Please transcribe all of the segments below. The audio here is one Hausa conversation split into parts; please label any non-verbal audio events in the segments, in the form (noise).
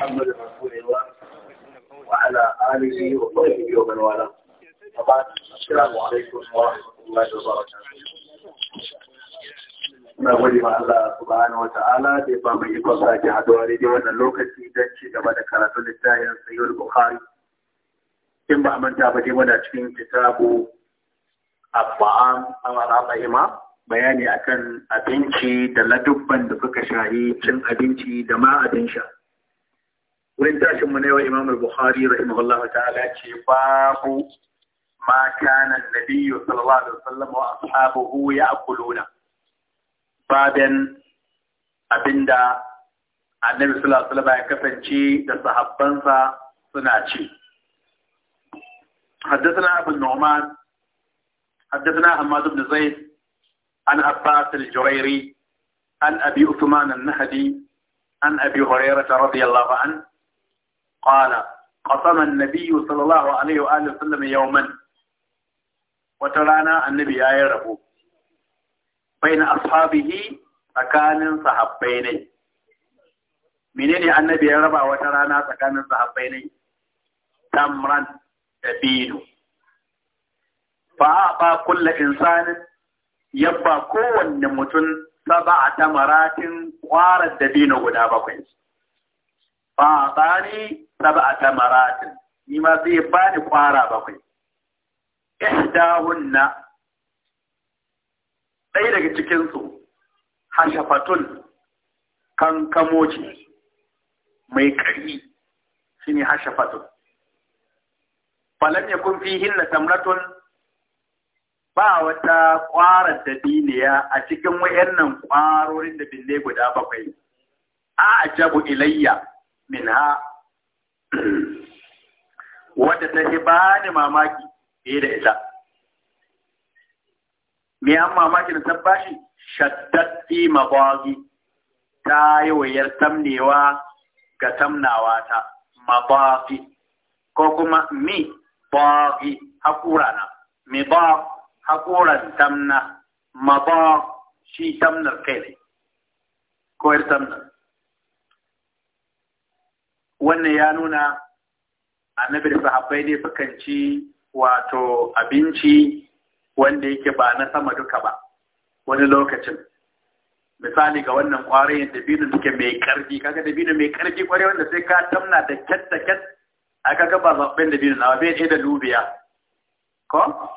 محمد رسول الله وعلى آله وصحبه ومن والاه وبعد السلام عليكم ورحمة الله وبركاته na gode ma Allah subhanahu wata'ala da ya ba mu ikon sake haduwa daidai wannan lokaci don ci gaba da karatun littafin sayyid bukhari in ba manta ba dai muna cikin kitabu abba'am amara ima bayani akan abinci da ladubban da suka shahi cin abinci da ma abin sha wurin tashin mu ne wa Imam al-Bukhari rahimahullahu ta'ala ce babu ma kana an-nabiy sallallahu alaihi wasallam wa ashabuhu ya'kuluna baben abinda annabi sallallahu alaihi wasallam ya kasance da sahabbansa suna ci حدثنا أبو النعمان حدثنا حماد بن زيد عن عباس الجريري عن أبي أثمان النهدي عن أبي هريرة رضي الله عنه قال قسم النبي صلى الله عليه وآله وسلم يوما وترانا النبي يا رب بين أصحابه tsakanin sahabbai ne menene annabi ya raba wata rana tsakanin sahabbai ne tamran da binu fa ba kullu insanin yabba kowanne mutum saba a tamaratin kwarar dabino guda bakwai fa tsani sab'a tamaratin ni ma sai ya bani kwara bakwai ihdahunna ɗaya daga cikinsu su hashafatun kankamo mai kari shine hashafatun falam yakun hinna tamratun ba wata kwarar da diniya a cikin wayannan kwarorin da bille guda bakwai a ajabu ilayya minha (clears throat) wadda ta shi ba ni mamaki fiye da ita me an mamaki da tabbashi shaddatti mabagi ta yi wayar tamnewa ga tamnawa ta mabagi ko kuma mi bagi hakura na mi ba hakuran tamna mabag shi tamnar kai ne ko yar tamnar wannan ya nuna annabi da sahabbai ne sukan ci wato abinci wanda yake ba na sama duka ba wani lokacin misali ga wannan yin dabino duke mai ƙarfi kaga dabino mai ƙarfi ƙwarai wanda sai ka tamna da kyat da kyat a kaga ba zaɓen dabino na bai ɗaya da lubiya ko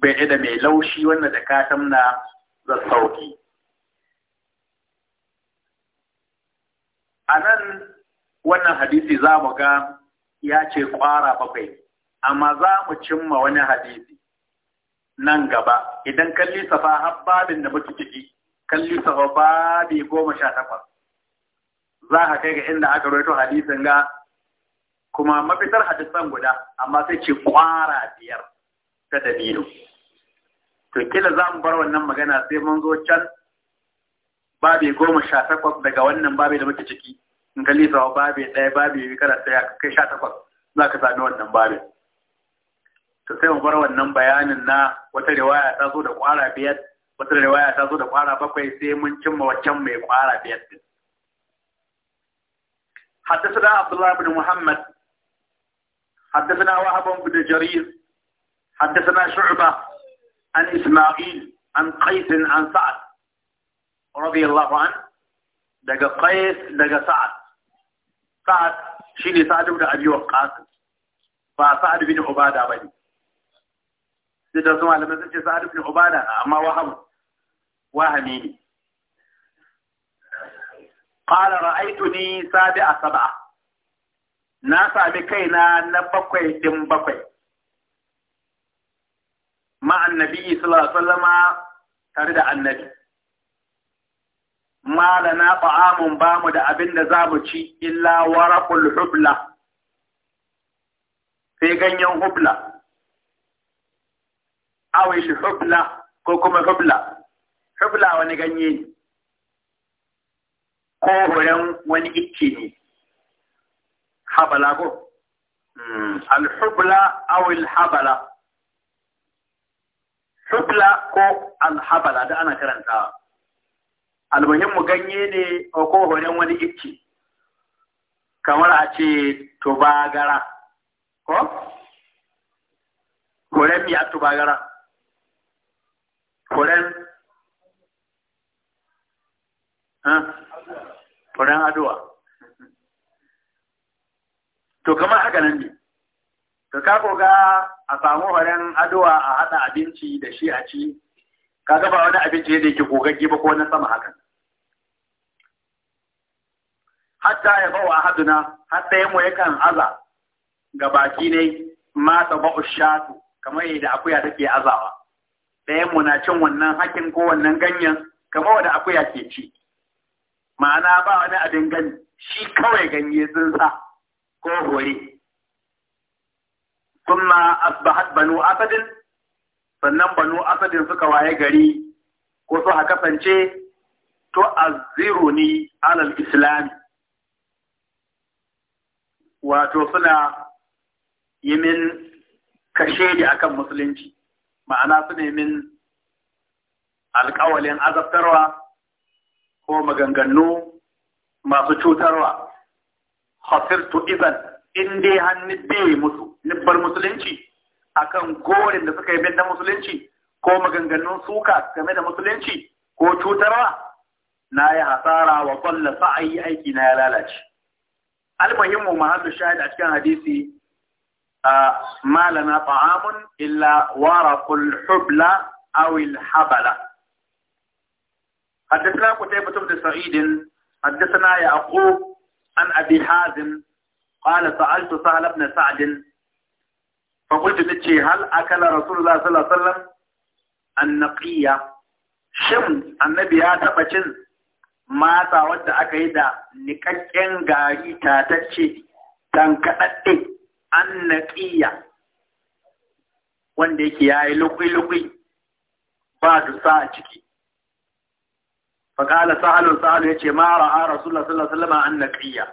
bai ɗaya da mai laushi wanda da ka tamna da sauki a nan wannan hadisi za mu ga ya ce ƙwara bakwai amma za mu cimma wani hadisi nan gaba idan kalli safa har da muke ciki kalli safa babi goma sha takwas za ka kai ga inda aka roto hadisin ga kuma mafitar hadisan guda amma sai ce ƙwara biyar ta dabino to kila za mu bar wannan magana sai mun zo can babi goma sha takwas daga wannan babi da muke ciki in ka lisawa babi ɗaya babi biyu kana tsaya kai sha takwas za ka sami wannan babin to sai mu bar wannan bayanin na wata riwaya ta zo da kwara biyar wata riwaya ta zo da kwara bakwai sai mun cimma waccan mai kwara biyar din حدثنا عبد الله بن محمد حدثنا وهب بن جرير حدثنا شعبة عن إسماعيل عن قيس عن سعد رضي الله عنه دقى قيس دقى سعد sa'ad shine sa'ad da abi waqqas ba sa'ad ibn ubada bane sai da zuwa malamin sun ce sa'ad ibn ubada amma waham wahami ne qala ra'aytuni sab'a na sami kaina na bakwai ɗin bakwai ma'an nabi sallallahu alaihi wasallama tare da annabi ma da na ba'amun ba mu da abin da za mu ci illa waraqul hubla sai ganyen hubla awil hubla ko kuma hubla hubla wani ganye ne ko wurin wani ikke ne habala ko hmm, al-hubla awil habala hubla ko al-habala da ana karantawa mu ganye ne a kowane wani icce kamar a ce tubagara ko horon mi gara? tubagara ha? horon aduwa to kamar haka nan ne to ka ga a samu horen aduwa a hada abinci da shi a ci kaga ba wani abinci ne da yake gogagge ba ko na sama hakan hatta ya bawa haduna har ya mu yakan aza ga baki ne ma ta ba shatu kamar yadda akuya take azawa ɗayan mu na cin wannan hakin ko wannan ganyen kamar wanda akuya ke ci ma'ana ba wani abin gani shi kawai ganye tsinsa ko hore kuma asbahat banu asadin sannan banu asadin suka waye gari ko su haka kasance to azziruni alal islam wato suna yimin kashe ni akan musulunci ma'ana suna yimin alƙawalin azabtarwa ko maganganu masu cutarwa hasirtu izan in dai hannu bai musu nibbar musulunci akan gorin da suka yi bin da musulunci ko maganganun suka game da musulunci ko cutarwa na yi hasara wa kwalla sa'ayi aiki na ya lalace almuhimmu mahallu shahid a cikin hadisi a malana fa'amun illa warakul hubla awil habala حدثنا قتيبة بن سعيد حدثنا يعقوب عن أبي حازم قال سألت سهل بن سعد fakultu ta ce hal akala rasulullah sallallahu alaihi wasallam annaqiya shin annabi ya taɓa cin masa wadda aka yi da nikakken gari tatacce tankadadde annaqiya wanda yake yayi lukui-lukui ba dusa a ciki faƙala sahalun sahalu ya ce mara a rasulullah sallallahu alaihi wasallam annaqiya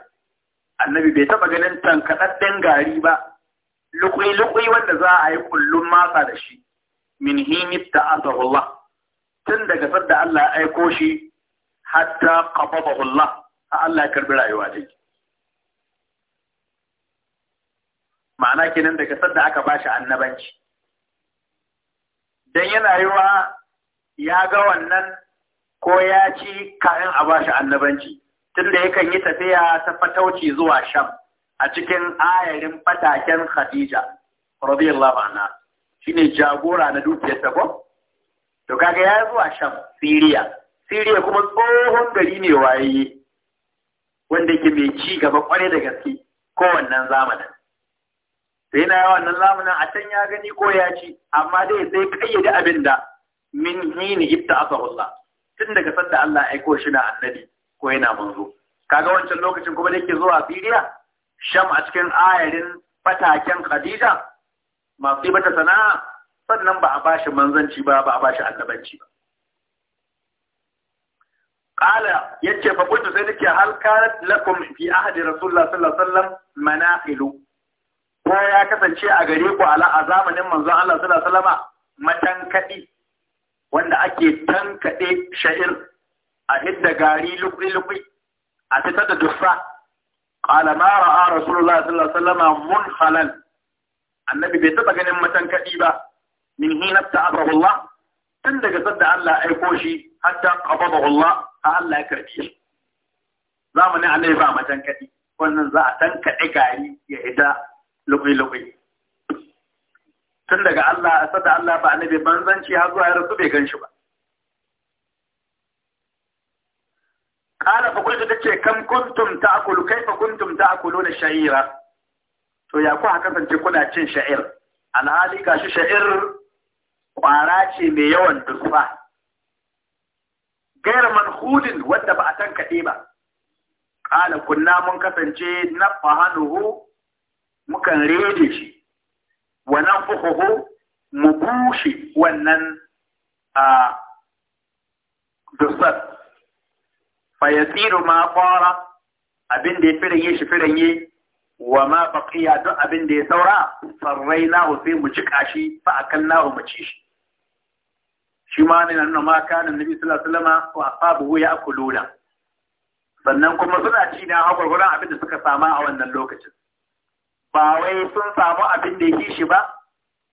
annabi bai taɓa ganin tankadadden gari ba lukwai-lukwai wanda za a yi kullum matsa da shi min himit da asarullah tun daga sadda Allah ya aiko shi hatta qabadahullah a Allah ya karbi rayuwa dai ma'ana kenan daga sadda aka ba shi annabanci dan yana yiwa ya ga wannan ko ya ci kayan a ba shi annabanci tunda yakan yi tafiya ta fatauci zuwa sham a cikin ayarin fataken Khadija radiyallahu anha shine jagora na dukiyar yadda ko to kaga ya zuwa Sham Syria Syria kuma tsohon gari ne waye wanda yake mai ci gaba kware da gaske ko wannan zamanin sai na yawan nan zamanin a can ya gani ko ya ci amma dai sai kayyade abin da min hini ibta asahullah tun daga sanda Allah ya aiko shi na annabi ko yana manzo kaga wancan lokacin kuma da ke zuwa Syria sham a cikin ayarin fataken Khadija masu mata sana'a sannan ba a ba shi manzanci ba ba a ba shi annabanci ba qala yace fa kuntu sai nake hal kanat lakum fi ahdi rasulullah sallallahu alaihi wasallam manaqilu ko ya kasance a gare ku ala a zamanin manzon Allah sallallahu alaihi wasallama matankadi wanda ake tankade sha'ir a hidda gari lukuri lukuri a fitar da dussa qala ma ra'a rasulullah sallallahu alaihi wasallam munhalan annabi bai taba ganin matan matankadi ba min hina ta'abahu Allah tun daga sadda Allah aiko shi hatta qabadahu Allah a Allah ya karbi shi zamanin annabi ba matankadi wannan za a tankade gari ya ita lukai lukai tun daga Allah sadda Allah ba annabi banzanci har zuwa ya rasu bai gan shi ba kala fa kulta tace kam kuntum ta'kulu kaifa kuntum ta'kuluna sha'ira to ya ku kasance kuna cin sha'ir alhali shi sha'ir kwara ce mai yawan dusfa gairar manhudin wanda ba a tankaɗe ba ƙala kunna mun kasance na fahanuhu mukan rede shi wannan fuhuhu mu bushe wannan a ah, dusar fayasiru ma fara abin da ya firaye shi firaye wa ma baqiya duk abin da ya saura nahu sai mu cika shi fa nahu mu ci shi shi ma ne nan ma kana annabi sallallahu alaihi wasallam wa ashabuhu ya'kuluna sannan kuma suna ci na hagwagwaran abin da suka sama a wannan lokacin ba wai sun samu abin da ya shi ba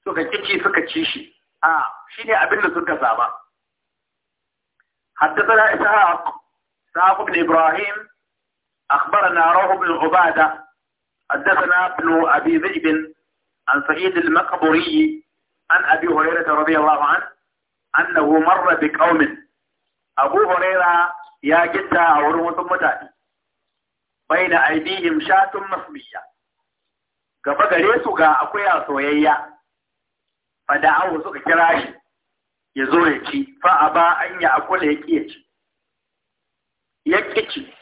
suka kici suka ci shi a shi ne abin da suka sama حدثنا إسحاق isa ساق بن إبراهيم أخبرنا روح بن عبادة حدثنا ابن أبي ذئب عن سعيد المقبوري عن أبي هريرة رضي الله عنه أنه مر بقوم أبو هريرة يا جدة أورمة متاني بين أيديهم شاة مصمية gaba gare أقويا ga فدعوه سوك كراشي awu فأبا أن shi ya يكتشي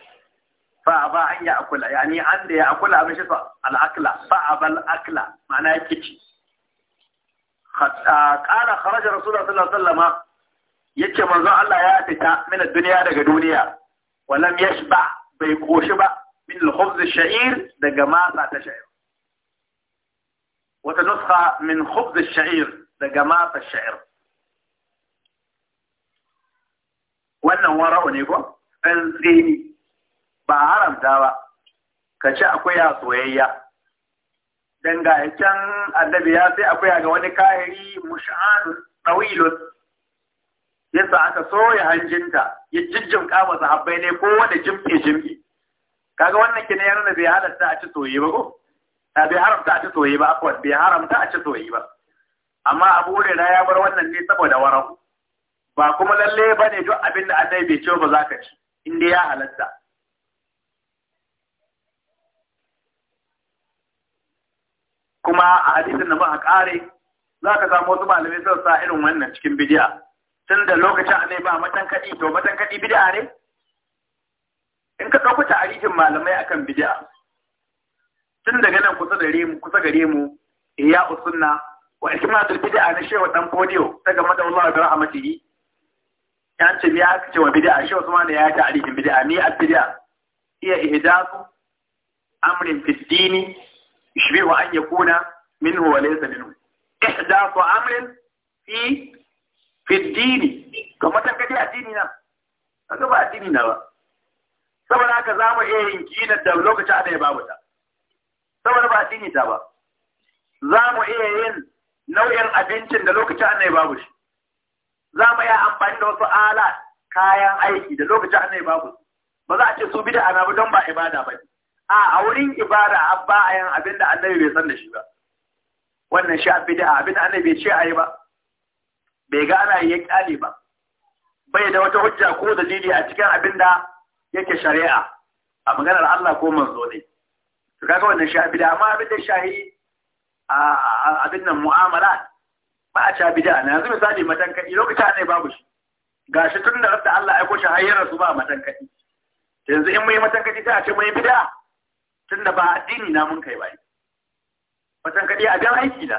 فأبا أن يأكل يعني عندي يأكل أم شفا الأكلة فأبا الأكلة معنى يكتشي خد... آه... قال خرج رسول الله صلى الله عليه وسلم يكتشي من ذو الله يأتي من الدنيا دقى دنيا ولم يشبع بيكوشبع من الخبز الشعير دقى ما فاتشعر وتنسخة من خبز الشعير لجماعة الشعير وانا وراء نيبو ɗan tsini ba haramta ba ka ci akuya soyayya dan ga can annabi ya sai akuya ga wani kahiri mush'anun tawilun yasa aka soya hanjinta ya jijjim kama sahabbai ne ko wanda jimfe jimfe kaga wannan kina ya nuna bai halatta a ci soyayya ba ko ta bai haramta a ci soyayya ba akwai bai haramta a ci soyayya ba amma abu na ya bar wannan ne saboda warau ba kuma lalle bane duk abin da annabi bai ce ba za ka ci inda ya halatta kuma a hadisin da ba a ƙare za ka samu wasu malamai sun sa irin wannan cikin bidiya tun da lokacin a ba matan kaɗi to matan kaɗi bidiya ne in ka ta tarihin malamai akan bidiya tun daga nan kusa gare mu kusa gare mu iya usunna wa ikimatul bidiya na shehu dan bodiyo daga madawallahu bi yi. ya ce ya aka cewa bid'a shi Usman ya yi alikin bid'a ni bid'a iya ihdathu amrin fi dini yushbihu an yakuna minhu wa laysa minhu ihdathu amrin fi fi dini kamar ta kaje addini na kaga ba addini na ba saboda haka za mu iya yin kina da lokacin da ya babu ta saboda ba addini ta ba za mu iya yin nau'in abincin da lokacin da ya babu shi za mu yi amfani da wasu ala kayan aiki da lokacin annai babu ba za a ce su bi da ana don ba ibada ba a a wurin ibada an ba a yin abin da annabi bai san da shi ba wannan shi abin da abin da annabi bai ce a yi ba bai ga ana yi kyale ba bai da wata hujja ko dalili a cikin abin da yake shari'a a maganar Allah ko manzo ne to kaga wannan shi abin da amma abin da shahi a abin nan mu'amala ba a sha bid'a na yanzu misali matankaɗi lokacin ne babu shi gashi tun da rasta Allah aiko shi har rasu ba matankaɗi yanzu in mai matankaɗi sai a ce mai bid'a tun da ba addini na mun kai bai matankaɗi a jan aiki da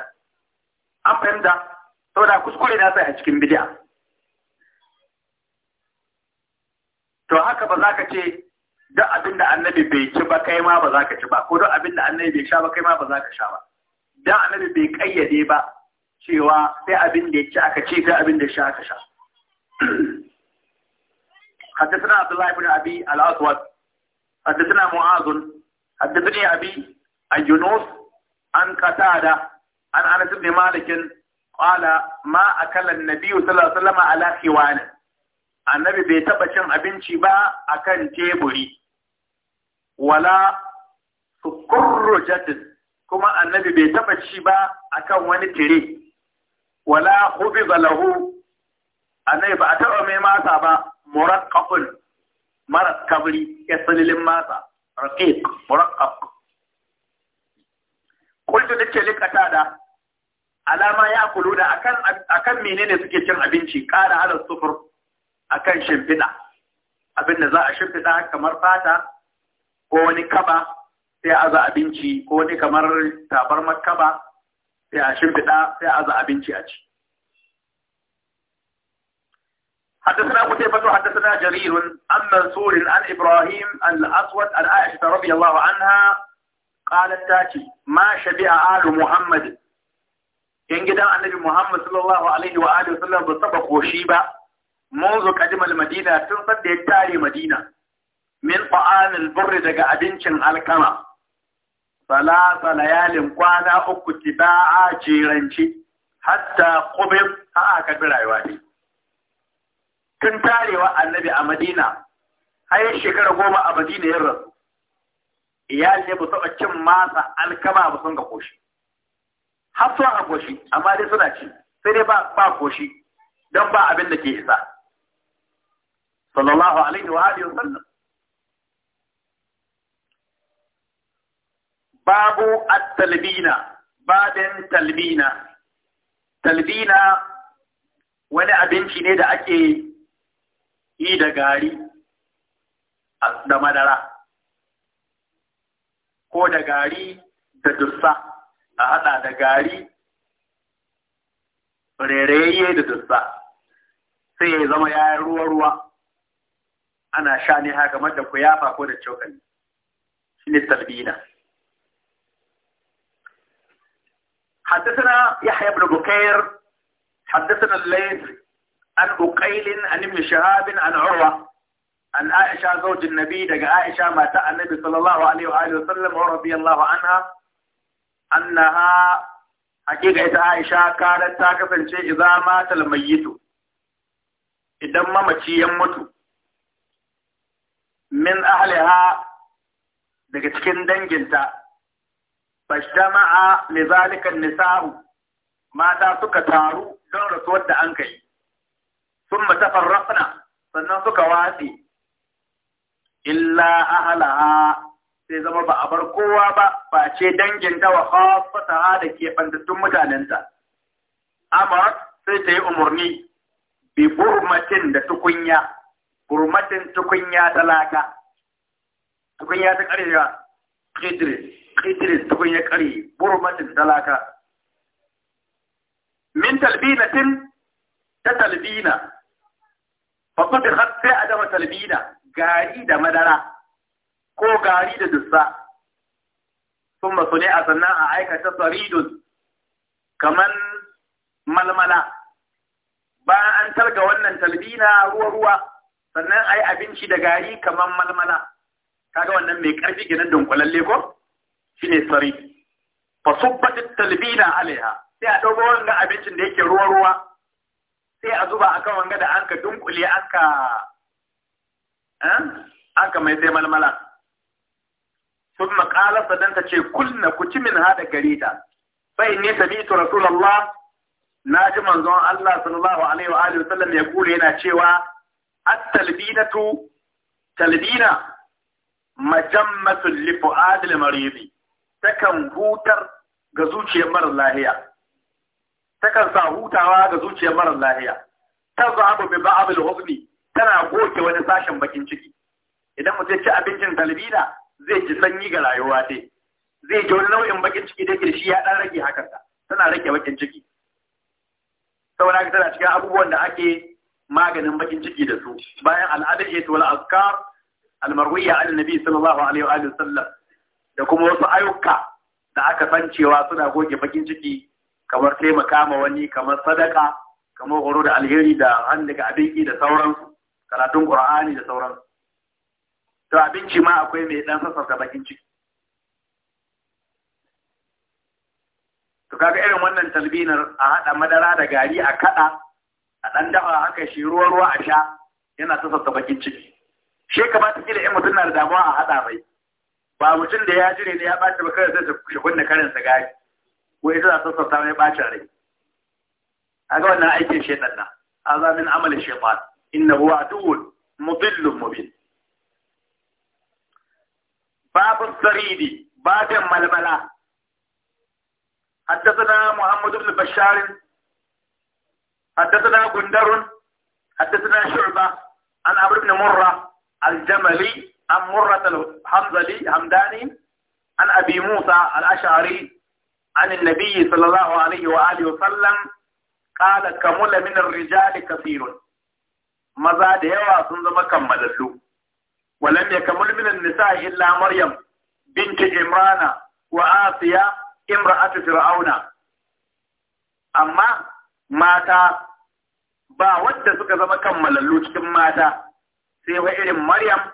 an fahimta saboda kuskure na sai a cikin bid'a to haka ba za ka ce duk abin da annabi bai ci ba kai ma ba za ka ci ba ko duk abin da annabi bai sha ba kai ma ba za ka sha ba dan annabi bai kayyade ba cewa sai abin da ya ci aka ci sai abin da ya sha aka sha. (clears throat) Haddasana Abdullahi bin Abi Al-Aswad, haddasana Mu'azun, haddasana Abi a Yunus an ana an Anas bin Malikin kwala, ma a an na biyu alaihi wasallam ala ne. Annabi bai taba cin abinci ba a kan teburi. Wala su sukurrujatin kuma annabi bai taba ci ba a kan wani tire. wala hubiba lahu nai ba a taɓa mai masa ba murakkabun maras kabri ya tsalilin masa raqiq murakkab kullu ke likata da alama ya kulu da akan akan menene suke cin abinci ƙara ala sufur akan shimfiɗa abin da za a shimfiɗa kamar fata ko wani kaba sai aza abinci ko wani kamar tabarmar kaba sai a shimfiɗa sai a aza abinci a ci حدثنا قتيبة حدثنا جرير عن منصور عن إبراهيم الأسود عن عائشة رضي الله عنها قالت تاتي ما شبع آل محمد إن جدا النبي محمد صلى الله عليه وآله وسلم بالطبق وشيبة منذ قدم المدينة تنصد يتاري مدينة من طعام البر دقا أدنشن الكما salasa layalin kwana uku a jeranci hatta kubin a aka bi rayuwa ne tun tarewa annabi a madina har shekara goma a madina yin rasu iyali ne ba taɓa cin masa alkama ba sun ga koshi har a koshi amma dai suna ci sai dai ba koshi don ba abin da ke isa sallallahu alaihi wa alihi babu at-talbina baden talbina talbina wani abinci ne da ake yi da gari da madara ko da gari da dussa a hada da gari rereye da dussa sai ya zama ya ruwa-ruwa ana sha ne haka kamar da kuyafa ko da cokali shi ne talbina حدثنا يحيى بن بكير حدثنا الليث عن أقيل عن ابن شهاب عن عروة عن عائشة زوج النبي دقى عائشة مات النبي صلى الله عليه وآله وسلم ورضي الله عنها أنها حقيقة عائشة كانت تاكفا شيء إذا مات الميت إذا ما مشي يموت من أهلها daga cikin danginta fashtama'a li zalika nisa'u mata suka taru don rasuwar da an kai sun matafarrafna sannan suka watse. illa ahalaha sai zama ba a bar kowa ba ba ce dangin ta wa khafataha da ke bantattun mutanenta amarat sai ta yi umarni bi burmatin da tukunya burmatin tukunya talaka tukunya ta karewa ƙidirin ƙidirin tukun ya ƙari burmatin talaka min talbinatin ta talbina babbar da sai a dama talbina gari da madara ko gari da dussa sun su ne a sannan a aikata saridun kaman malmala bayan an targa wannan talbina ruwa-ruwa sannan a yi abinci da gari kaman malmala kaga wannan mai karfi ginin dunkulalle ko shine sari fa subbatit talbina alaiha sai a dauko wanga abincin da yake ruwa ruwa sai a zuba akan wanga da anka dunkule anka eh anka mai sai malmala thumma qala sadan ta ce kunna ku ci min hada garita sai ne sabitu rasulullah na ji manzon Allah sallallahu alaihi wa alihi ya kure yana cewa at talbina majammatul li Adil maridi takan hutar ga zuciyar marar lahiya takan sa hutawa ga zuciyar mara lahiya tazhabu bi ba abu tana goke wani sashen bakin ciki idan mutum ci abincin talibina zai ji sanyi ga rayuwa dai zai ji wani nau'in bakin ciki da ke shi ya dan rage hakan ta tana rage bakin ciki saboda haka tana cikin abubuwan da ake maganin bakin ciki da su bayan al'adar ita wal azkar almarwiya an nabi sallallahu alaihi wa sallam da kuma wasu ayyuka da aka san cewa suna goge bakin ciki kamar taimaka ma wani kamar sadaka kamar horo da alheri da hannu daga abinci da sauransu karatun qur'ani da sauransu to abinci ma akwai mai dan sassarta bakin ciki to kaga irin wannan talbinar a hada madara da gari a kada a dan dafa haka shi ruwa ruwa a sha yana sassarta bakin ciki shi kamata kila in mutum na da damuwa a haɗa mai ba mutum da ya ji ne ya ɓaci ba kawai sai shi kunna karin sigari ko ita za sassauta mai ɓacin rai a ga wannan aikin shaitan na azamin amalin shaitan inna huwa aduwwun mudillun mubin babu saridi babin malmala حدثنا محمد بن بشار حدثنا جندر حدثنا شعبة عن عمرو بن مرة الجملي عن مرة الحمزلي همداني عن أبي موسى الأشعري عن النبي صلى الله عليه وآله وسلم قال كمل من الرجال كثير maza da yawa sun zama kammalallu walam yakamul min an-nisa illa maryam binti imrana wa asiya imra'atu fir'auna amma mata ba wadda suka zama kammalallu cikin mata sai wa irin Maryam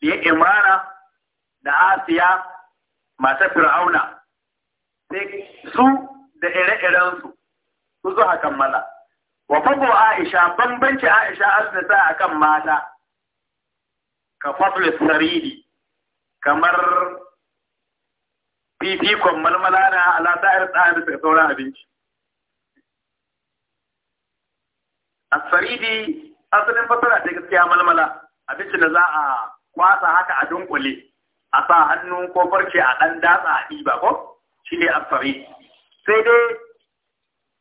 ya imara da Asiya masu Fir'auna sai su da ire-irensu su zuwa kammala. Wa fago Aisha bambanci Aisha asnata a kan mata ka faflis saridi kamar fifikon malmala na alasa'ir tsarin da sauran abinci. A asalin fasara ta gaskiya malmala abincin da za a kwasa haka a dunkule a sa hannu ko farce a ɗan datsa a ɗiba ko shi ne asfari sai dai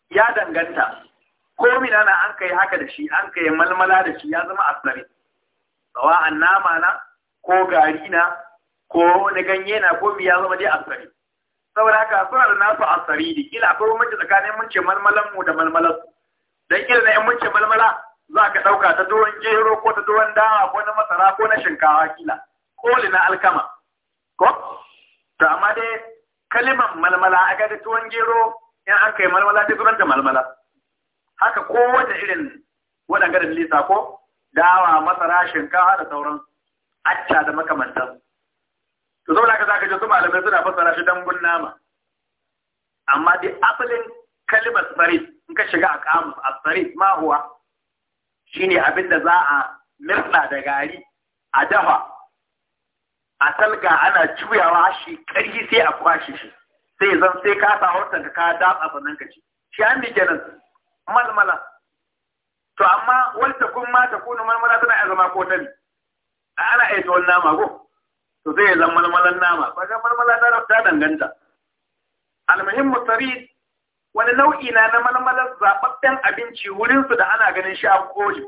ya danganta ko mina na an kai haka da shi an kai malmala da shi ya zama asfari an nama na ko gari na ko wani ganye na ko ya zama dai asfari saboda haka suna da nasu asfari da kila akwai mace tsakanin mun ce malmalan mu da malmalan dan kila na yan mun ce malmala za ka ɗauka ta doron gero ko ta doron dawa ko na masara ko na shinkawa kila koli na alkama ko to amma dai kaliman malmala a gadi tuwon gero in an kai malmala ta zubar da malmala haka wata irin waɗanda da lisa ko dawa masara shinkawa da sauran acca da makamantan to zaune haka zaka ji su malamai suna fassara shi dambun nama amma dai asalin kalimar sarif in ka shiga a kamus a sarif ma huwa shine abin da za a mirna da gari a dafa a talga ana juyawa shi ƙarfi sai a kwashe shi sai zan sai ka sa hortanka ka datsa sannan ka ci shi an dike nan malmala to amma wanda kun ma ta kuna malmala tana iya zama ko tabi ana iya tuwon nama ko to zai zama malmalan nama ba ga malmala ta danganta almuhimmu tarihi wani nau'i na na malmalar zaɓaɓɓen abinci wurinsu da ana ganin shi a koli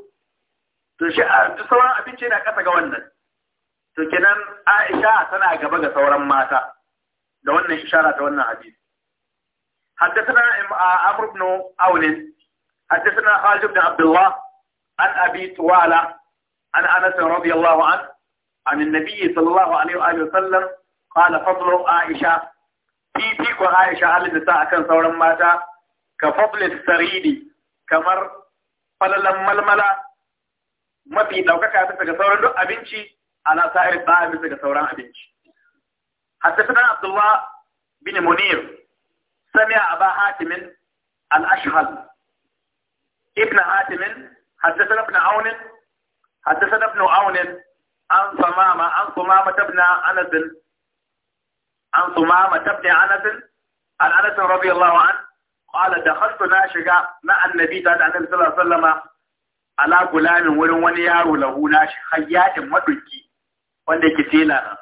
to shi a sauran abinci na ƙasa ga wannan to kenan Aisha tana gaba ga sauran mata da wannan ishara ta wannan hadisi حدثنا عمرو بن عون حدثنا خالد بن عبد الله عن أبي طوالة عن أنس رضي الله عنه عن النبي صلى الله عليه وآله وسلم قال فضل عائشة fifikon Aisha Alisa akan sauran mata ka fadlis saridi kamar falalan malmala mafi ɗaukaka ta daga sauran duk abinci ala sa'ir ta'ami daga sauran abinci. Haddasa Abdullah bin Munir Samia Aba أبا حاتم الأشهل ابن حاتم حدثنا ابن عون حدثنا ابن عون عن صمامة عن صمامة ابن أنس an sumama tabni anas an anas radiyallahu an qala dakhaltu na shiga na annabi ta da annabi sallallahu alaihi wasallama wurin wani yaro lahu na shi hayyatin maduki wanda yake tela nan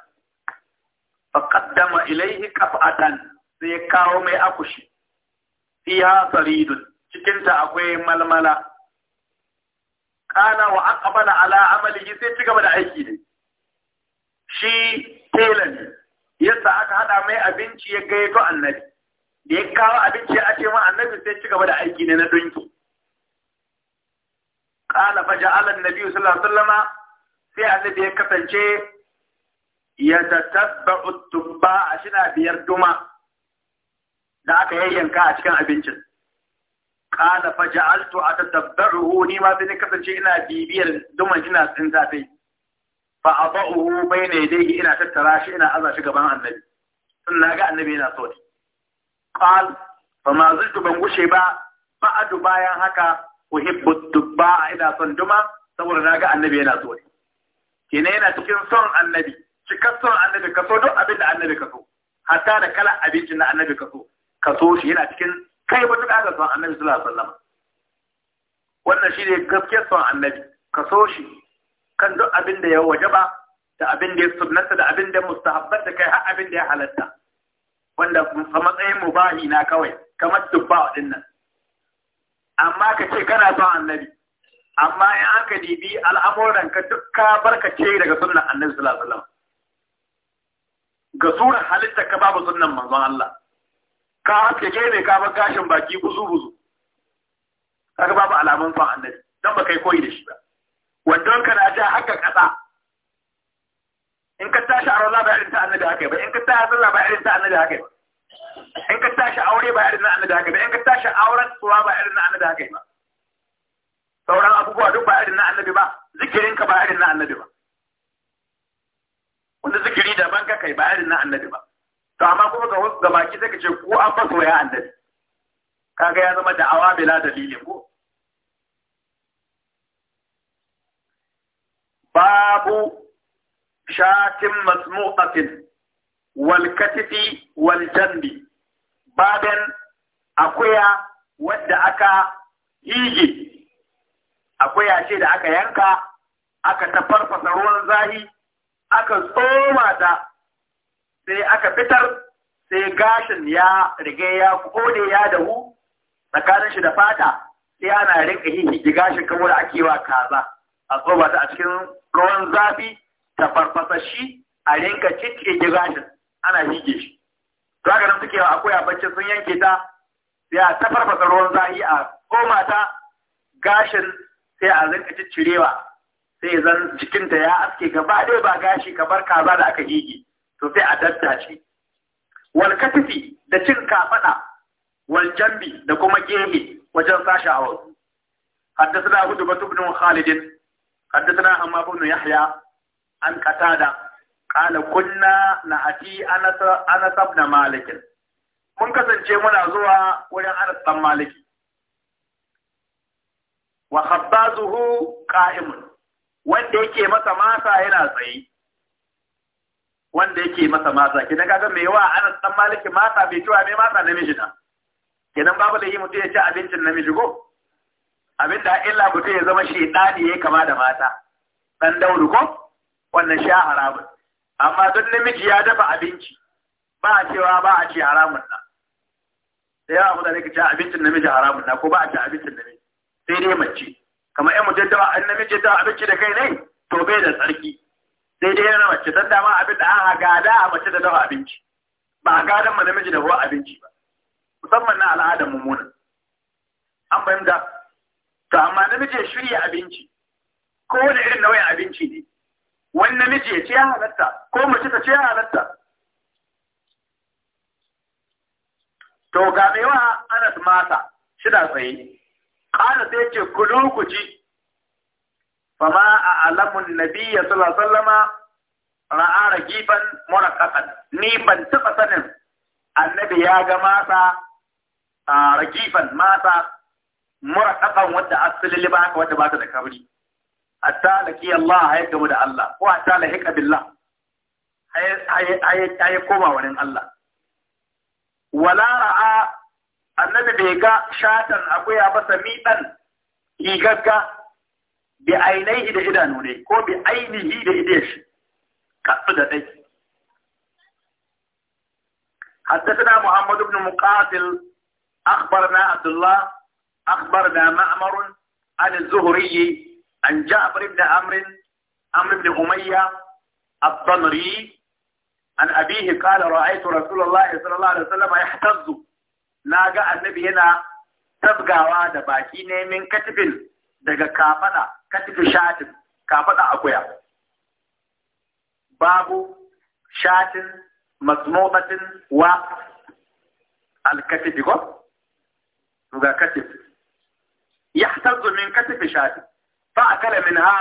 fa qaddama ilayhi qaf'atan sai kawo mai akushi fiha saridun cikinta akwai malmala kana wa aqbala ala amalihi sai ci gaba da aiki ne shi tela ne yasa aka hada mai abinci ya gaito annabi da ya kawo abinci ya ce ma annabi sai ci gaba da aiki ne na dunki qala fa ja'ala an-nabi sallallahu alaihi wasallama sai annabi ya kasance ya tatabba'u tubba a shina biyar duma da aka yayyanka a cikin abincin qala fa ja'altu atatabba'uhu ni ma sai kasance ina bibiyar duman ina tsinta sai fa aba'uhu bayna yadayhi ina tattara shi ina aza shi gaban annabi sun na ga annabi yana so ne qal fa ma zultu ban gushe ba ba a bayan haka uhibbu dubba ina son duma saboda na ga annabi yana so ne kenan yana cikin son annabi cikar son annabi kaso don abin da annabi kaso hatta da kalan abincin na annabi kaso kaso shi yana cikin kai matuƙa ga son annabi sallallahu alaihi wasallam wannan shi ne gaskiyar son annabi kaso shi kan duk abin da ya ba, da abin da ya sunnata da abin da mustahabbat da kai har abin da ya halatta wanda a matsayin mubahi na kawai kamar dubba dinnan amma ka ce kana son annabi amma in an ka dibi al'amuran ka duk ka barkace daga sunnan annabi sallallahu alaihi wasallam ga surar halitta ka babu sunnan manzon Allah ka haske gene ka bar gashin baki buzu buzu kaga babu alamun fa annabi dan ba kai koyi da shi ba wandon ka na ja haka kasa in ka tashi a ba irin ta annabi haka ba in ka tashi sallah ba irin ta annabi haka ba in ka tashi aure ba irin na annabi haka ba in ka tashi auren tsuwa ba irin na annabi haka ba sauran abubuwa duk ba irin na annabi ba zikirin ka ba irin na annabi ba wanda zikiri daban ka kai ba irin na annabi ba to amma kuma ga wasu ga baki sai ka ce ko an faso ya annabi kaga ya zama da'awa bila dalilin ko babu shatin masmu'atin wal katifi wal jambi baban akuya wadda aka hige akuya ce da aka yanka aka tafarfasa ruwan zahi aka tsoma ta sai aka fitar sai gashin ya rige ya kode ya dahu tsakanin shi da fata sai ana rinka hihigi gashin kamar a kewa kaza a tsoma ta a cikin ruwan zafi ta farfasa shi a rinka cike gigashin ana jike shi to haka nan suke akwai a bacci sun yanke ta sai a ta farfasa ruwan zafi a koma ta gashin sai a rinka ciccirewa sai zan jikinta ya aske gaba dai ba gashi kamar kaza da aka gigi to sai a shi. wal katifi da cin kafada wal jambi da kuma gehe wajen sashi a wasu حدثنا هدبة tukunin khalidin حدثنا حماد بن يحيى عن قتادة قال كنا نأتي أنس أنس بن مالك mun kasance muna zuwa wurin Anas dan Maliki wa khabbazuhu qa'imun wanda yake masa masa yana tsaye wanda yake masa masa kidan kaga me yawa Anas dan Maliki mata bai ciwa me mata namiji na kidan babu da yi mutu ya ci abincin namiji ko? abin da illa mutum ya zama shaidani ya kama da mata ɗan daudu ko wannan sha haramun amma duk namiji ya dafa abinci ba a cewa ba a ce haramun na da yawa mutane ka ci abincin namiji haramun na ko ba a ci abincin namiji sai dai mace kamar yan mutum dawa an namiji da abinci da kai ne to bai da tsarki sai dai yana mace dan dama abin da aka gada a mace da dawa abinci ba a gadan ma namiji da ruwa abinci ba musamman na al'adar mummuna an fahimta to amma namiji ya shirya abinci ko wani irin nauyin abinci ne wani namiji ya ce ya halatta ko mace ta ce ya halatta to ga mai wa anas mata shida tsaye ƙara sai ce kulu ku ci fama a alamun nabiya sallallahu alaihi wasallama ra'a ragiban muraqaqan ni ban taɓa sanin annabi ya ga mata a ragifan mata muraqqaqan wadda asali ba haka wadda ba ta da kabri hatta laki Allah ya gamu da Allah ko ta la hika billah ya koma wurin Allah wala ra'a annabi bai ga shatan akuya ba miɗan, higagga bi ainihi da idanu ne ko bi ainihi da ide shi kasu da dai حدثنا محمد بن مقاتل أخبرنا عبد الله أخبرنا معمر عن الزهري عن جابر بن عمرو عمرو بن أمية الضمري عن أبيه قال رأيت رسول الله صلى الله عليه وسلم يحتز ناقع النبي هنا تبقى وعد باكين من كتب daga kafada كتب shatin kafada أقويا باب shatin masmubatin wa الكتب يقول ga كتب. yahtazzu min katifi shati fa akala ha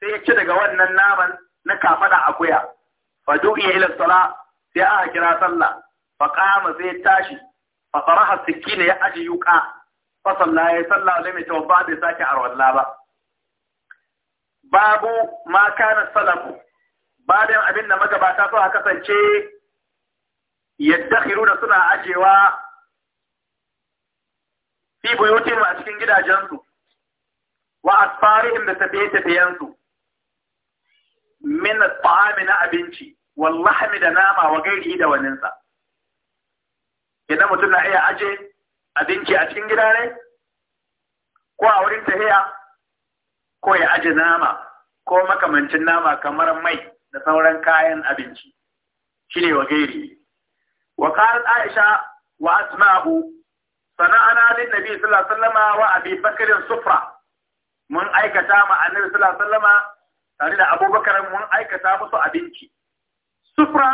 sai ya ci daga wannan naman na kafada akuya fa du'iya ila sala sai aka kira sallah fa qama sai tashi fa faraha sikina ya aji yuka fa salla ya salla da mai tawba bai sake arwalla ba babu ma kana salafu bayan abin da magabata suka kasance yaddakhiruna suna ajewa fi buyutihim a cikin gidajensu wa asfarihim da tafiye su min ta'ami na abinci wallahi da nama wa gairi da waninsa idan mutum na iya aje abinci a cikin gida ne ko a wurin tahiya ko ya aje nama ko makamancin nama kamar mai da sauran kayan abinci shine wa gairi wa qalat aisha wa asma'u sana'ana lin nabi sallallahu alaihi wasallama wa abi bakr sufra mun aikata ma annabi sallallahu alaihi wasallama tare da abubakar mun aikata musu abinci sufra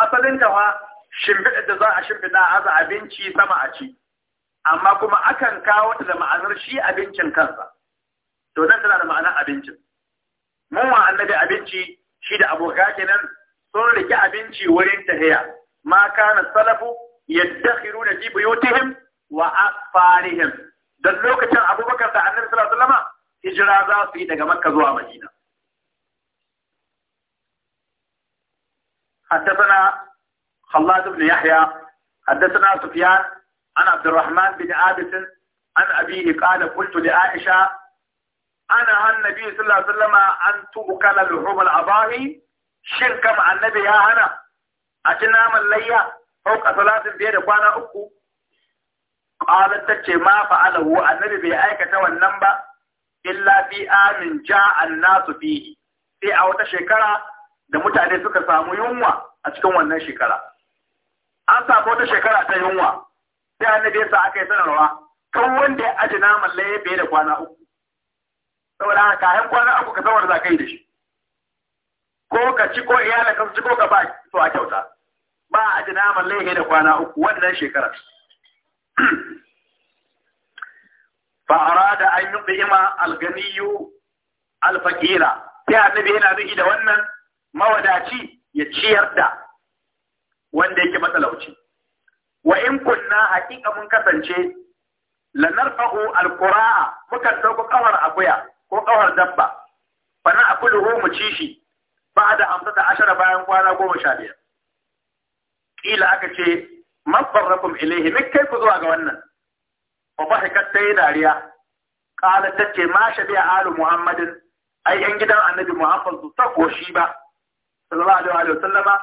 asalin tawa shimfiɗa da za a shimfiɗa a aza abinci sama a ci amma kuma akan kawo ta da ma'anar shi abincin kansa to nan tana da ma'anar abincin mun wa annabi abinci shi da aboka kenan sun riki abinci wurin tahiya ma kana salafu yaddakhiru na fi buyutihim وأطفالهم دلوك كان أبو بكر da النبي صلى الله عليه وسلم za في yi مكة زوا مدينة حدثنا خلاد بن يحيى حدثنا سفيان عن عبد الرحمن بن عابس عن أبيه قال قلت لعائشة أنا عن النبي صلى الله عليه وسلم أن تؤكل لحوم الأضاحي شركا مع النبي يا أنا أتنام الليا فوق ثلاث بيد وانا أكو qalat tace ma fa'alahu annabi bai aikata wannan ba illa bi amin ja'a an-nasu sai a wata shekara da mutane suka samu yunwa a cikin wannan shekara an samu wata shekara ta yunwa sai annabi sa aka yi sanarwa kan wanda ya aji naman laye bai da kwana uku saboda haka kayan kwana uku ka saboda za da shi ko ka ci ko iyalan ka ci ko ka ba to a kyauta ba a aji naman laye da kwana uku wannan shekarar fa da an yudima alganiyu alfaqira sai annabi yana nufi da wannan mawadaci ya ciyar da wanda yake matsalauci wa in kunna haƙiƙa mun kasance lanarfa'u alqura'a muka dauko kawar akuya ko kawar dabba fa na akuluhu mu ci shi ba'da amsata ashara bayan kwana goma sha biyar kila aka ce mabbarrakum ilaihi kai ku zuwa ga wannan wa bahikat ta yi dariya kala ta ce ma shabi alu muhammadin ai yan gidan annabi muhammad su ta koshi ba sallallahu alaihi wa sallama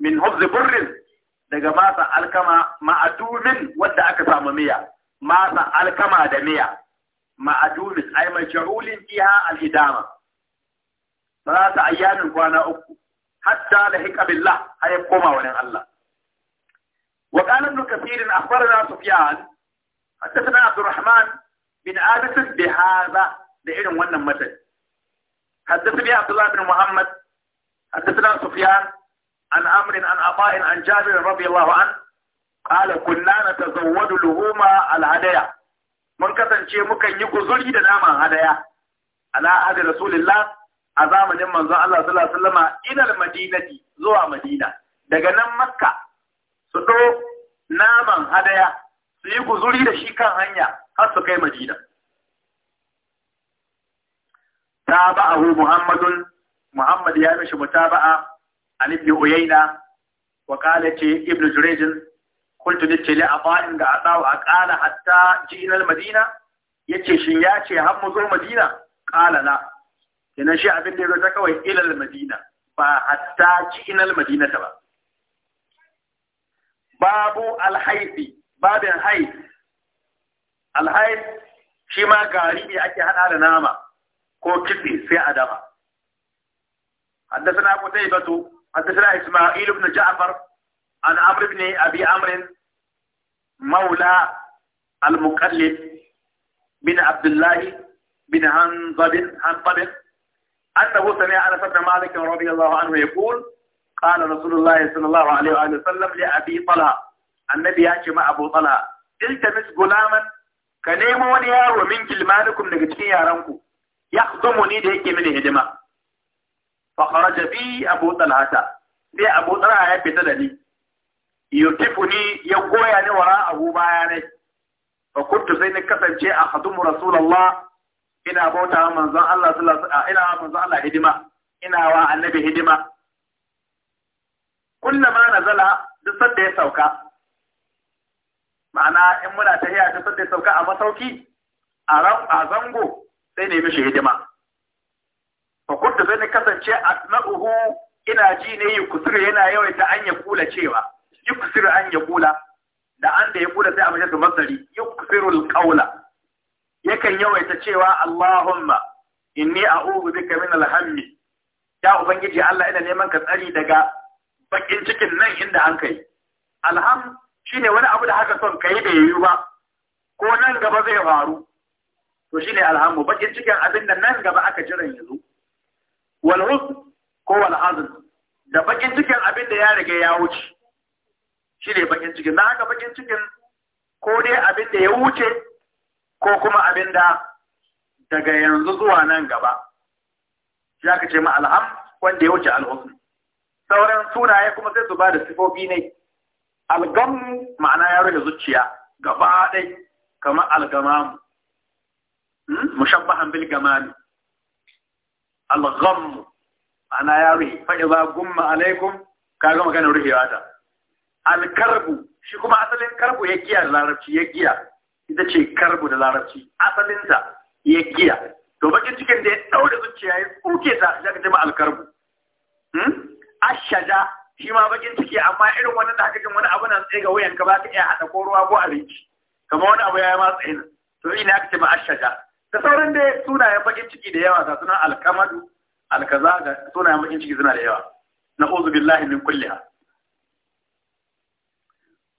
min hubz burrin daga masa alkama ma'adumin wanda aka samu miya masa alkama da miya ma'adumin ai majhulin fiha al-idama salata ayyamin kwana uku hatta da hiqa billah koma Allah wa qala ibn حدثنا عبد الرحمن بن عابس بهذا لإلهم ونن مثل حدثني عبد الله بن محمد حدثنا سفيان عن أمر عن عطاء عن جابر رضي الله عنه قال كنا نتزود لهما الهدايا mun kasance mukan yi guzuri da naman hadaya ala ahadi rasulillah a zamanin manzon Allah sallallahu alaihi wasallama ila madinati zuwa madina daga nan makka su do naman hadaya su yi guzuri da shi kan hanya har su kai madina tabi'ahu muhammadun muhammad ya mishi mutaba'a an ibn uyayna wa kala ce ibn jurayj qultu dace li aba'in da adaw a kala hatta ji'na al-madina yace shin ya ce har mu zo madina kala la kenan shi abin da ya zo kawai ila al-madina ba hatta ji'na al-madina ta ba babu al babin haid alhaid shima ma ne ake haɗa da nama ko kitse sai a ja'far maula al-muqallid bin abdullahi bin hanzab hanzab annabi ya ce ma abu talha iltamis gulaman ka nemo wani yaro min kilmanikum daga cikin yaranku yakhdumu ni da yake mini hidima fa kharaja bi abu talhata sai abu talha ya fita da ni ni ya goya ni wara abu baya ne fa kuntu sai ni kasance a khadumu rasulullah ina bauta manzon Allah sallallahu alaihi ina manzon Allah hidima ina wa annabi hidima kullama nazala duk sanda ya sauka ma'ana in muna tafiya ta sadda sauka a masauki a zango sai ne mishi hidima fa kuntu da kasance asma'uhu ina ji ne kusuru, yana yawaita an ya kula cewa kusuru an ya kula da an da ya kula sai a mashi su Yi kusuru alqaula yakan yawaita cewa Allahumma inni a'udhu bika min alhammi ya ubangiji Allah ina neman ka tsari daga bakin cikin nan inda an kai alham shine wani abu da haka son kai da yi ba ko nan gaba zai faru to shine alhamu bakin cikin abin da nan gaba aka jiran yanzu wal hus ko wal hazn da bakin cikin abin da ya rage ya wuce shine bakin cikin na haka bakin cikin ko dai abin da ya wuce ko kuma abin da daga yanzu zuwa nan gaba ya ka ce ma alham wanda ya wuce alhusn sauran sunaye kuma sai su ba da sifofi ne algam ma'ana ya rufe zuciya gaba ɗai kamar algamamu hmm? mushabbahan bil gamami algam ma'ana ya rufe faɗi ba gumma alaikum ka ga maganar rufewa ta alkarbu shi kuma asalin karbu ya giya da larabci ya giya ita ce karbu da larabci asalinta ya giya to bakin cikin da ya ɗaure zuciya ya tsuke ta ya ga jima alkarbu hmm? ashaja shi ma bakin ciki amma irin wannan da haka jin wani abu na tsaye ga ka ba ka iya haɗa ko ruwa ko abinci kamar wani abu ya yi ma tsaye nan to ina ka ce ba ashaja da sauran dai sunayen bakin ciki da yawa ga suna alkamadu alkaza ga sunayen bakin ciki suna da yawa na uzu billahi min kulliha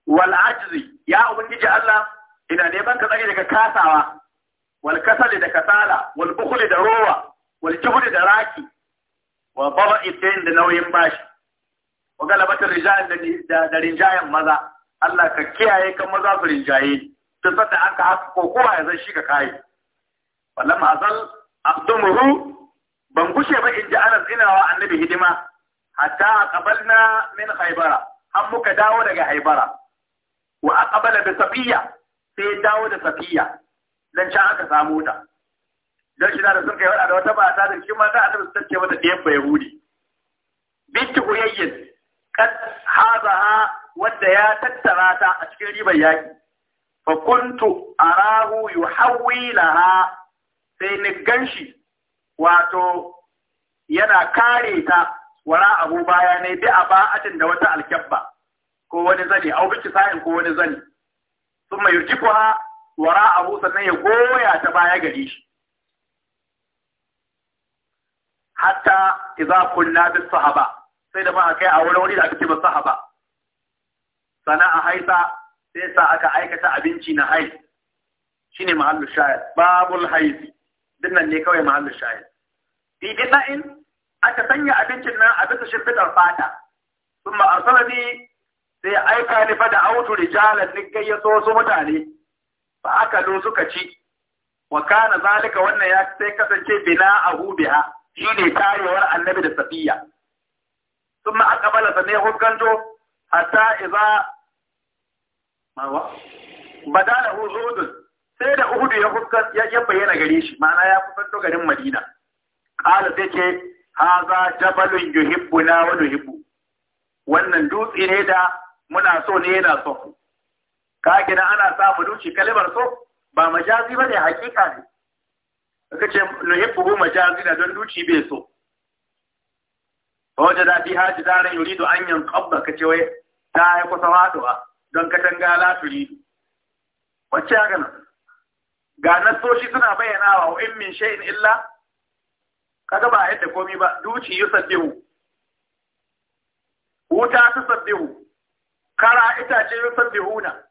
wal ajzi ya ubangiji Allah ina neman ka tsare daga kasawa wal kasali da kasala wal bukhli da rowa wal juhdi da raki wa bara'i da nauyin bashi wa galabatar rijal da rinjayen maza Allah ka kiyaye kan maza su rinjaye ta sata aka haka ko kowa ya zan shi ka kai wallan azal abdumuhu ban gushe ba in ji anas zinawa annabi hidima hatta qabalna min haibara har muka dawo daga haibara wa aqbala bi safiya sai dawo da safiya dan can aka samu ta dan shi da sun kai wada da wata mata da shi ma a annabi sun ce mata ɗayan bai hudi Bintu kad hazaha wanda ya tattara ta a cikin ribar yaƙi, fa kuntu arahu yuhawwilaha sai ni ganshi wato yana kare ta wara abu baya ne bi a ba'atin da wata alkyabba ko wani zani au biki sa'in ko wani zani sun mai kuwa, wara abu sannan ya goya ta baya gari shi hatta idza kunna sahaba sai da ba a kai a wani wani da aka ce ba haba. sana'a haisa sai sa aka aikata abinci na shi ne mahallu shayar babul duk nan ne kawai mahallu shayar fi bida'in aka sanya abincin nan a bisa shimfidar fata kuma arsalani sai aika ni fa da autu rijalan ni gayyato wasu mutane ba aka lo suka ci wa kana zalika wannan ya sai kasance bina ahu shi shine tarewar annabi da safiya ثم أقبل سنه فسكنتو حتى إذا ما هو بدا له زهد sai da Uhudu ya fuskar ya bayyana gare shi ma'ana ya kusanto garin Madina qala sai ce wannan dutse ne da muna so ne yana so ka gina ana samu duci kalmar so ba majazi bane hakika ne kace nuhibbu majazi da don duci bai so wajen da fi haji daren yuridu an yin kabba ka ce wai ta yi kusa faduwa don ka katanga la turidu wacce ya gana ga nasoshi suna bayyana wa in min sha'in illa Ka kaga ba yadda komi ba duci Huta su ta sabbihu kara itace na.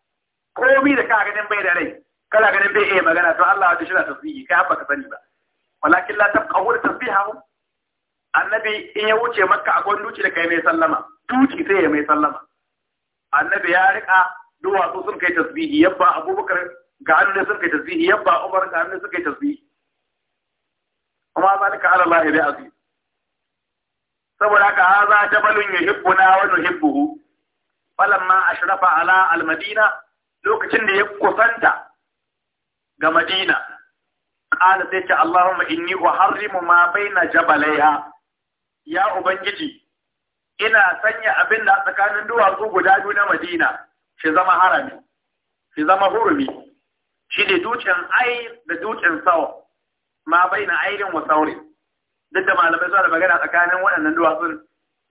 komi da ka ganin bai da rai kana ganin bai iya magana to Allah ya shirya tasbihi kai ba ka sani ba walakin la tafqahu hau. annabi in ya wuce makka a gwanduci da kai mai sallama tuci sai ya mai sallama annabi ya rika duwatsu sun kai tasbihi yabba abubakar ga hannu sun kai tasbihi yabba umar ga hannu sun kai tasbihi amma zalika ala Allah bi aziz saboda haka haza jabalun yuhibbuna wa nuhibbuhu falamma ashrafa ala al-madina lokacin da ya kusanta ga madina qala sai ce allahumma inni uharrimu ma baina jabalaiha ya Ubangiji, ina sanya abin da tsakanin duwatsu guda biyu na Madina, shi zama harami, shi zama hurumi, shi ne dutsen ai da dutsen sawa, ma bai na airin wa sauri. Duk da malamai suna da magana tsakanin waɗannan duwatsun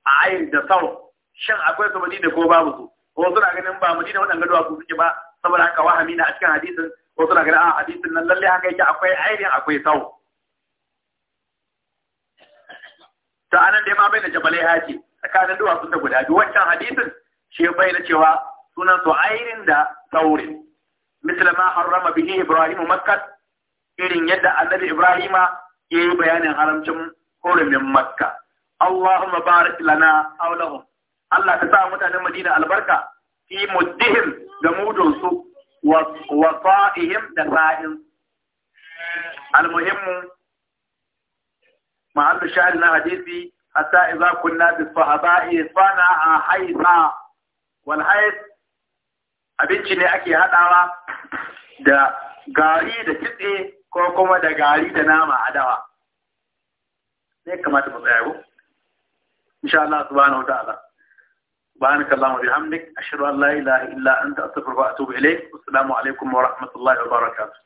a ayin da sau, shin akwai su Madina ko babu su, ko suna ganin ba Madina waɗannan duwatsu suke ba, saboda haka wahami na a cikin hadisin, ko suna ganin a hadisin nan lallai haka yake akwai airin akwai sau? ta anan dai ma bai da jabalai haji tsakanin duwatsu da guda biyu wancan hadisin shi ya bayyana cewa sunan su Ainin da saurin misal ma harrama bihi ibrahim makka irin yadda annabi ibrahima ya yi bayanin haramcin hurumin makka allahumma barik lana aulahum Allah ta sa mutanen Madina albarka fi muddihim da mudunsu wa fa'ihim da sa'in almuhimmu محل شاهد لنا حديثي حتى إذا كنا بالصحباء صنع حيثا والحيث abinci ne ake haɗawa da gari da kitse ko kuma da gari da nama adawa sai kamata mu tsaya insha Allah subhanahu wataala subhanaka allahumma bihamdik ashhadu an la ilaha illa anta astaghfiruka wa atubu ilayk assalamu alaikum wa rahmatullahi wa barakatuh